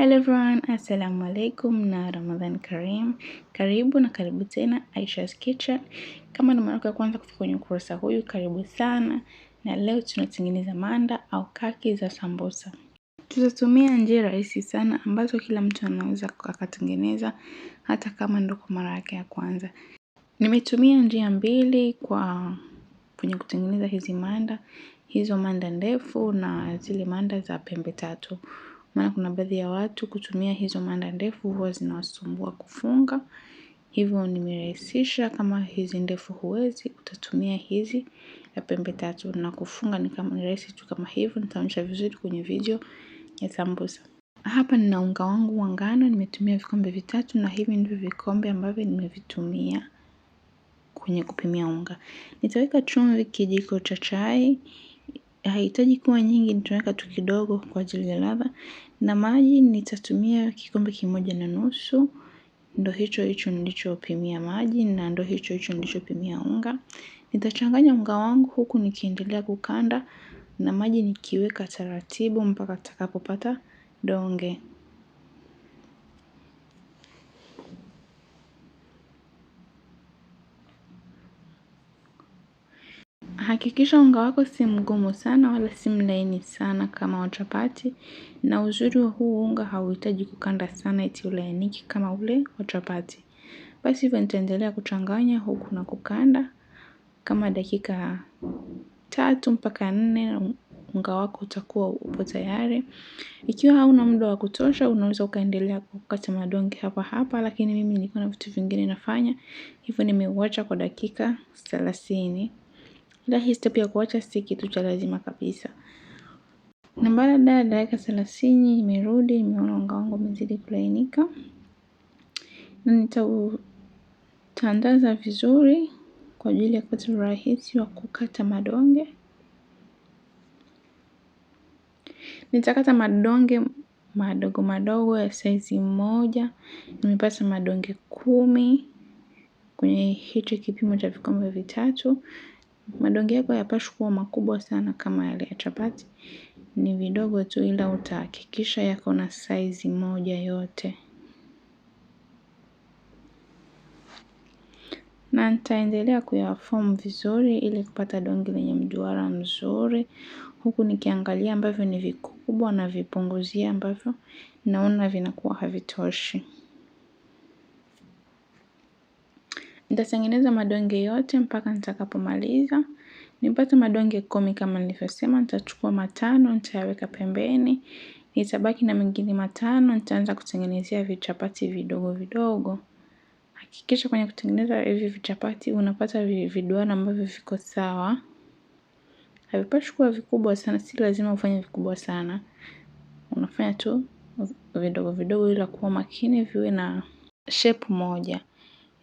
Hello everyone, assalamu alaikum na Ramadhan Karim. Karibu na karibu tena Aisha's Kitchen. Kama ni mara ya kwanza kufika kwenye ukurasa huyu, karibu sana. Na leo tunatengeneza manda au kaki za sambusa. Tutatumia njia rahisi sana ambazo kila mtu anaweza akatengeneza hata kama ndo kwa mara yake ya kwanza. Nimetumia njia mbili kwa kwenye kutengeneza hizi manda, hizo manda ndefu na zile manda za pembe tatu. Maana kuna baadhi ya watu kutumia hizo manda ndefu huwa zinawasumbua kufunga. Hivyo nimerahisisha kama hizi ndefu huwezi, utatumia hizi ya pembe tatu na kufunga ni kama rahisi tu kama hivyo, nitaonyesha vizuri kwenye video ya sambusa. Hapa nina unga wangu wa ngano, nimetumia vikombe vitatu na hivi ndivyo vikombe ambavyo nimevitumia kwenye kupimia unga. Nitaweka chumvi kijiko cha chai haihitaji kuwa nyingi, nitaweka tu kidogo kwa ajili ya ladha. Na maji nitatumia kikombe kimoja na nusu, ndo hicho hicho nilichopimia maji na ndo hicho hicho nilichopimia unga. Nitachanganya unga wangu huku nikiendelea kukanda na maji nikiweka taratibu mpaka nitakapopata donge. Hakikisha unga wako si mgumu sana wala si mlaini sana kama wa chapati na uzuri wa huu unga hauhitaji kukanda sana eti ulainike kama ule wa chapati. Basi hivyo nitaendelea kuchanganya huku na kukanda kama dakika tatu mpaka nne unga wako utakuwa upo tayari. Ikiwa hauna muda wa kutosha unaweza ukaendelea kukata madonge hapa hapa lakini mimi niko na vitu vingine nafanya hivyo nimeuwacha kwa dakika thelathini ila hii step ya kuacha si kitu cha lazima kabisa. Na baada ya dakika thelathini imerudi, nimeona unga wangu umezidi kulainika, na nitautandaza vizuri kwa ajili ya kupata urahisi wa kukata madonge. Nitakata madonge madogo madogo ya saizi moja. Nimepata madonge kumi kwenye hicho kipimo cha vikombe vitatu. Madonge yako hayapashi kuwa makubwa sana kama yale ya chapati, ni vidogo tu, ila utahakikisha yako na saizi moja yote. na nitaendelea kuyafomu vizuri ili kupata donge lenye mduara mzuri, huku nikiangalia ambavyo ni vikubwa na vipunguzia ambavyo naona vinakuwa havitoshi. Nitatengeneza madonge yote mpaka nitakapomaliza. Nipate madonge kumi kama nilivyosema, nitachukua matano, nitayaweka pembeni. Nitabaki na mengine matano, nitaanza kutengenezea vichapati vidogo vidogo. Hakikisha kwenye kutengeneza hivi vichapati, unapata viduara ambavyo viko sawa. Havipashi kuwa vikubwa sana, si lazima ufanye vikubwa sana. Unafanya tu vidogo vidogo ila kuwa makini viwe na shape moja.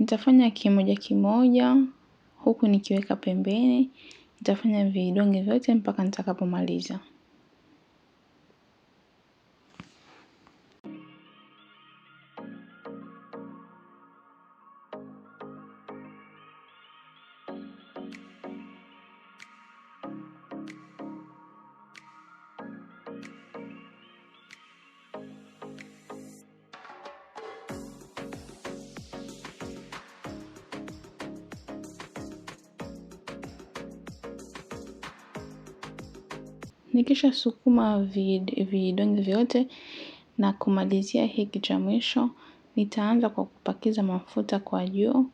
Nitafanya kimoja kimoja, huku nikiweka pembeni, nitafanya vidonge vyote mpaka nitakapomaliza. Nikisha sukuma vidonge vyote na kumalizia hiki cha mwisho, nitaanza kwa kupakiza mafuta kwa juu.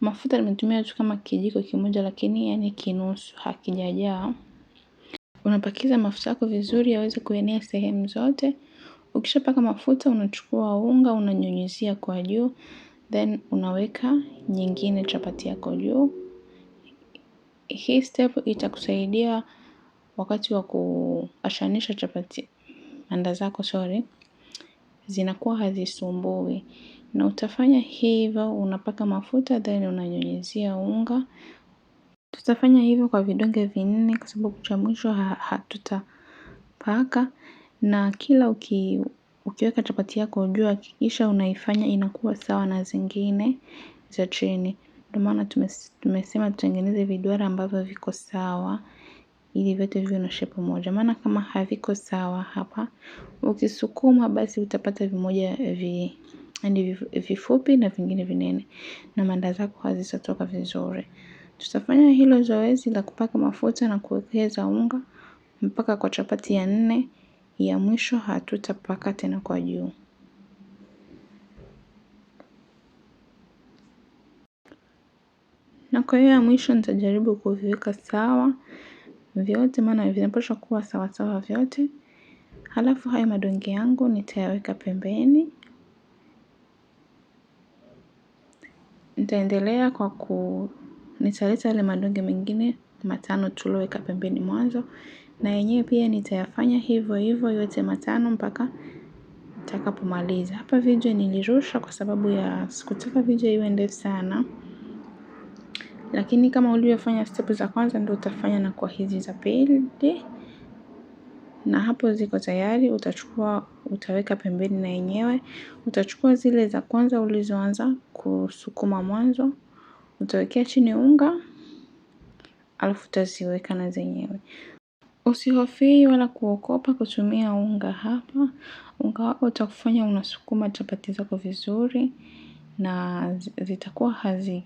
Mafuta nimetumia tu kama kijiko kimoja lakini yani kinusu hakijajaa. Unapakiza mafuta yako vizuri yaweze kuenea sehemu zote. Ukishapaka mafuta unachukua unga unanyunyizia kwa juu. Then unaweka nyingine chapati yako juu. Hii step itakusaidia wakati wa kuashanisha chapati anda zako sorry, zinakuwa hazisumbui, na utafanya hivyo, unapaka mafuta then unanyunyizia unga. Tutafanya hivyo kwa vidonge vinne, kwa sababu cha mwisho hatutapaka. Na kila uki, ukiweka chapati yako juu, hakikisha unaifanya inakuwa sawa na zingine za chini. Ndio maana tumesema tutengeneze viduara ambavyo viko sawa ili vyote viwe na shepu moja, maana kama haviko sawa hapa, ukisukuma basi utapata vimoja vi yani vifupi na vingine vinene, na manda zako hazitatoka vizuri. Tutafanya hilo zoezi la kupaka mafuta na kuwekeza unga mpaka kwa chapati ya nne ya mwisho, hatutapaka tena kwa juu. Na kwa hiyo ya mwisho nitajaribu kuviweka sawa vyote maana vinapaswa kuwa sawasawa vyote. Halafu hayo madonge yangu nitayaweka pembeni. Nitaendelea kwa ku nitaleta yale madonge mengine matano tulioweka pembeni mwanzo, na yenyewe pia nitayafanya hivyo hivyo yote matano mpaka nitakapomaliza. Hapa video nilirusha kwa sababu ya sikutaka video iwe ndefu sana lakini kama ulivyofanya step za kwanza ndio utafanya na kwa hizi za pili, na hapo ziko tayari. Utachukua, utaweka pembeni na yenyewe. Utachukua zile za kwanza ulizoanza kusukuma mwanzo, utawekea chini unga, alafu utaziweka na zenyewe. Usihofii wala kuokopa kutumia unga hapa. Unga wako utakufanya unasukuma chapati zako vizuri na zitakuwa hazi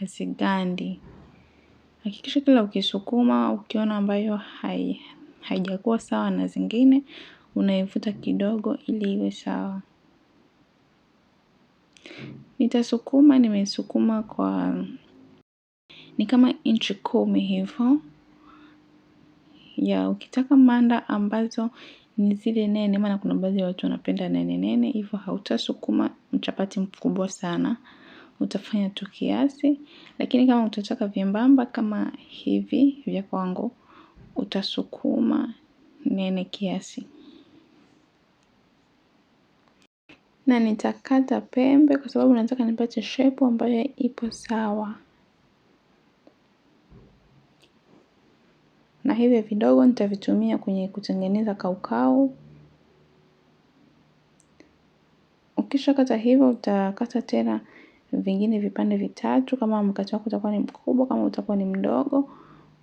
hasigandi. Hakikisha kila ukisukuma, ukiona ambayo haijakuwa sawa na zingine, unaivuta kidogo ili iwe sawa. Nitasukuma, nimesukuma kwa ni kama inchi kumi hivo. Ya ukitaka manda ambazo ni zile nene maana kuna baadhi ya watu wanapenda nene nene hivyo hautasukuma mchapati mkubwa sana utafanya tu kiasi, lakini kama utataka vyembamba kama hivi vya kwangu, utasukuma nene kiasi, na nitakata pembe kwa sababu nataka nipate shepu ambayo ipo sawa. Na hivi vidogo nitavitumia kwenye kutengeneza kaukau. Ukishakata hivyo utakata tena vingine vipande vitatu. Kama mkate wako utakuwa ni mkubwa, kama utakuwa ni mdogo,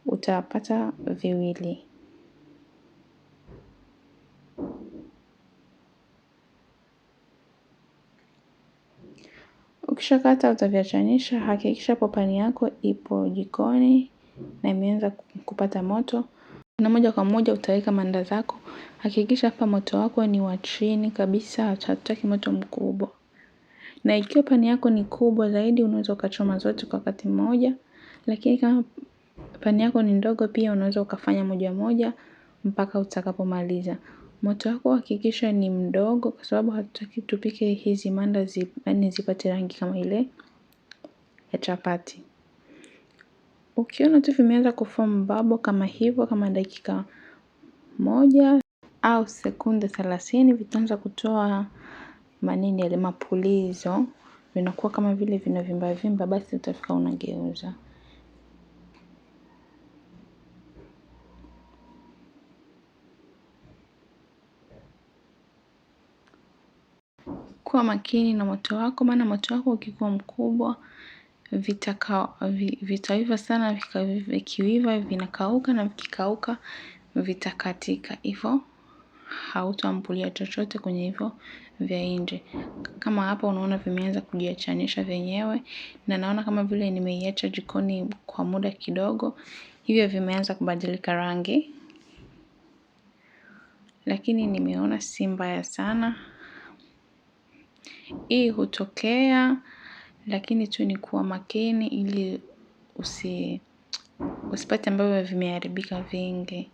utapata viwili. Ukishakata utaviachanisha. Hakikisha hapo pani yako ipo jikoni na imeanza kupata moto, na moja kwa moja utaweka manda zako. Hakikisha hapa moto wako ni wa chini kabisa, hatutaki moto mkubwa na ikiwa pani yako ni kubwa zaidi unaweza ukachoma zote kwa wakati mmoja. Lakini kama pani yako ni ndogo pia unaweza ukafanya moja moja mpaka utakapomaliza. Moto wako hakikisha ni mdogo kwa sababu hatutaki tupike hizi manda yaani zipate rangi kama ile ya chapati. Ukiona tu vimeanza kuform babo kama hivo kama dakika moja au sekunde thelathini vitaanza kutoa manini yale mapulizo vinakuwa kama vile vinavimba vimba, basi utafika unageuza. Kuwa makini na moto wako, maana moto wako ukikuwa mkubwa vitaka vitaiva sana, vikiiva vinakauka na vikikauka vitakatika hivyo hautampulia chochote kwenye hivyo vya nje. Kama hapa unaona vimeanza kujiachanisha vyenyewe na naona kama vile nimeiacha jikoni kwa muda kidogo. Hivyo vimeanza kubadilika rangi. Lakini nimeona si mbaya sana. Hii hutokea lakini tu ni kuwa makini ili usipate ambavyo vimeharibika vingi.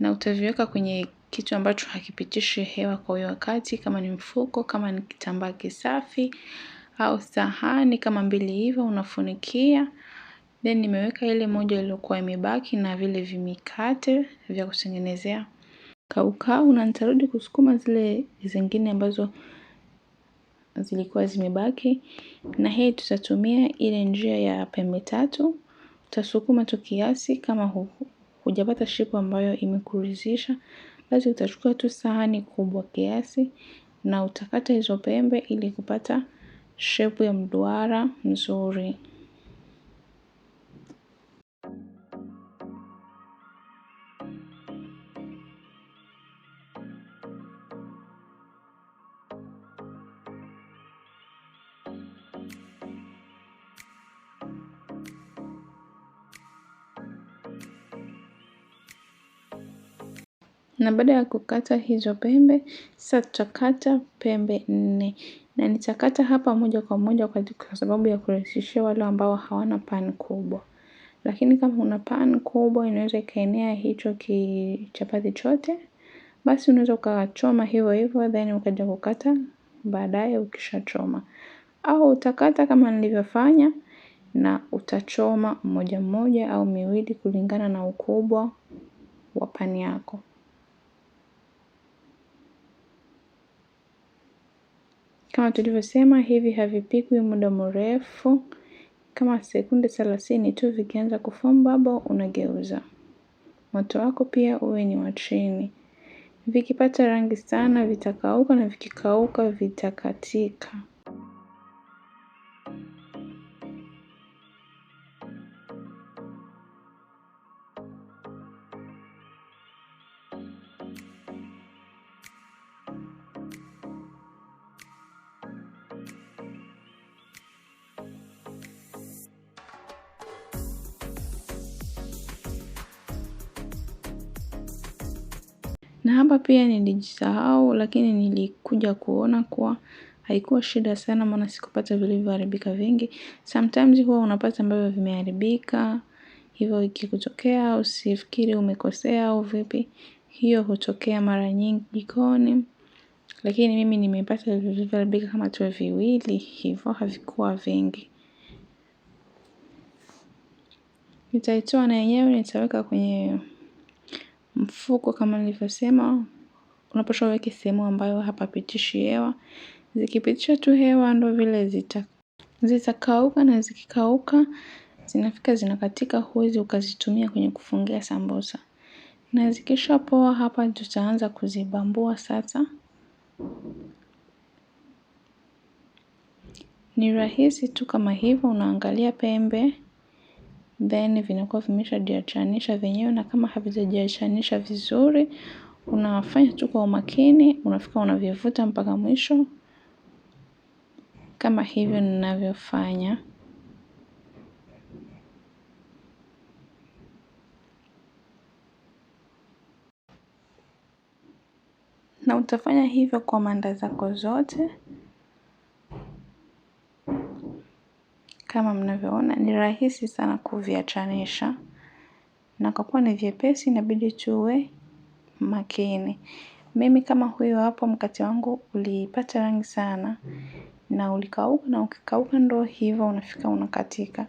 Na utaviweka kwenye kitu ambacho hakipitishi hewa kwa hiyo wakati, kama ni mfuko, kama ni kitambaa kisafi au sahani kama mbili hivyo unafunikia. Then nimeweka ile moja iliyokuwa imebaki na vile vimikate vya kutengenezea kaukau na nitarudi kusukuma zile zingine ambazo zilikuwa zimebaki, na hii tutatumia ile njia ya pembe tatu. Utasukuma tu kiasi kama hujapata shepu ambayo imekuridhisha, basi utachukua tu sahani kubwa kiasi na utakata hizo pembe ili kupata shepu ya mduara mzuri. na baada ya kukata hizo pembe, sasa tutakata pembe nne na nitakata hapa moja kwa moja kwa sababu ya kurahisishia wale ambao hawana pan kubwa. Lakini kama una pan kubwa inaweza ikaenea hicho kichapati chote, basi unaweza ukachoma hivyo hivyo then ukaja kukata baadaye ukishachoma. Au utakata kama nilivyofanya na utachoma mmoja mmoja au miwili kulingana na ukubwa wa pani yako. Kama tulivyosema hivi havipikwi muda mrefu kama sekunde thelathini tu vikianza kufumba babo unageuza. Moto wako pia uwe ni wa chini. Vikipata rangi sana vitakauka na vikikauka vitakatika. pia nilijisahau lakini nilikuja kuona kuwa haikuwa shida sana maana sikupata vilivyoharibika vingi. Sometimes huwa unapata ambavyo vimeharibika, hivyo ikikutokea, usifikiri umekosea au vipi, hiyo hutokea mara nyingi jikoni. Lakini mimi nimepata vilivyoharibika kama tu viwili, hivyo havikuwa vingi. Nitaitoa na yenyewe nitaweka kwenye mfuko kama nilivyosema unapaswa uweke sehemu ambayo hapapitishi hewa. Zikipitisha tu hewa ndo vile zita zitakauka na zikikauka zinafika zinakatika, huwezi ukazitumia kwenye kufungia sambusa. Na zikisha poa hapa tutaanza kuzibambua sasa. Ni rahisi tu kama hivyo, unaangalia pembe then vinakuwa vimeshajiachanisha vyenyewe, na kama havijajiachanisha vizuri unafanya tu kwa umakini, unafika unavivuta mpaka mwisho kama hivyo ninavyofanya. Na utafanya hivyo kwa manda zako zote. Kama mnavyoona ni rahisi sana kuviachanisha, na kwa kuwa ni vyepesi inabidi tuwe makini. Mimi kama huyo hapo mkate wangu ulipata rangi sana na ulikauka na ukikauka ndo hivyo unafika unakatika.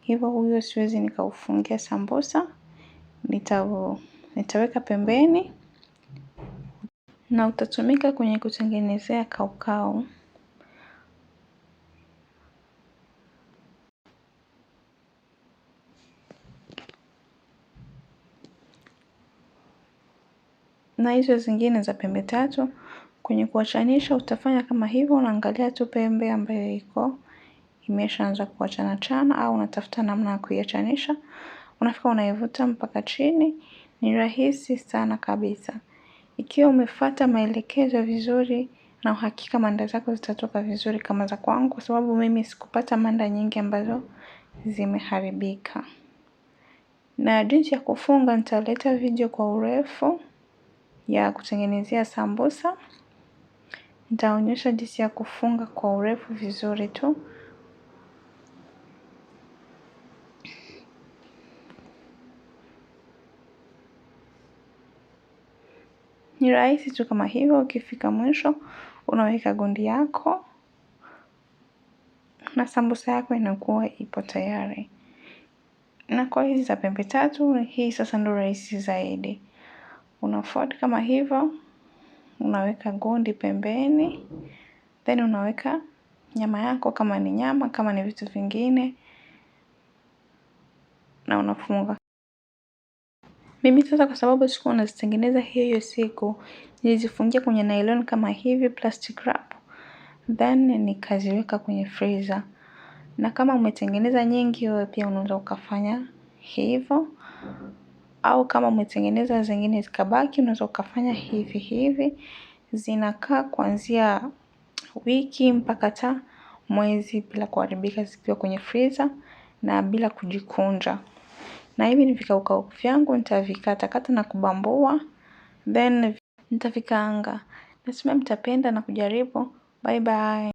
hivyo huyo siwezi nikaufungia sambusa, nitaweka pembeni na utatumika kwenye kutengenezea kaukau. na hizo zingine za pembe tatu. Kwenye kuachanisha utafanya kama hivyo, unaangalia tu pembe ambayo iko imeshaanza kuachana chana, au unatafuta namna ya kuiachanisha, unafika unaivuta mpaka chini. Ni rahisi sana kabisa ikiwa umefata maelekezo vizuri, na uhakika manda zako zitatoka vizuri kama za kwangu, kwa sababu mimi sikupata manda nyingi ambazo zimeharibika. Na jinsi ya kufunga nitaleta video kwa urefu ya kutengenezea sambusa. Nitaonyesha jinsi ya kufunga kwa urefu vizuri tu. Ni rahisi tu kama hivyo. Ukifika mwisho, unaweka gundi yako na sambusa yako inakuwa ipo tayari. Na kwa hizi za pembe tatu, hii sasa ndo rahisi zaidi unafuata kama hivyo, unaweka gundi pembeni, then unaweka nyama yako, kama ni nyama, kama ni vitu vingine, na unafunga. Mimi sasa kwa sababu siku unazitengeneza hiyo hiyo siku, nilizifungia kwenye nylon kama hivi, plastic wrap, then nikaziweka kwenye freezer. Na kama umetengeneza nyingi, wewe pia unaweza ukafanya hivyo au kama umetengeneza zingine zikabaki, unaweza ukafanya hivi hivi. Zinakaa kuanzia wiki mpaka hata mwezi bila kuharibika, zikiwa kwenye freezer na bila kujikunja. Na hivi ni vikauka vyangu, nitavikatakata na kubambua then nitavikaanga. Nasema mtapenda na kujaribu. Bye bye.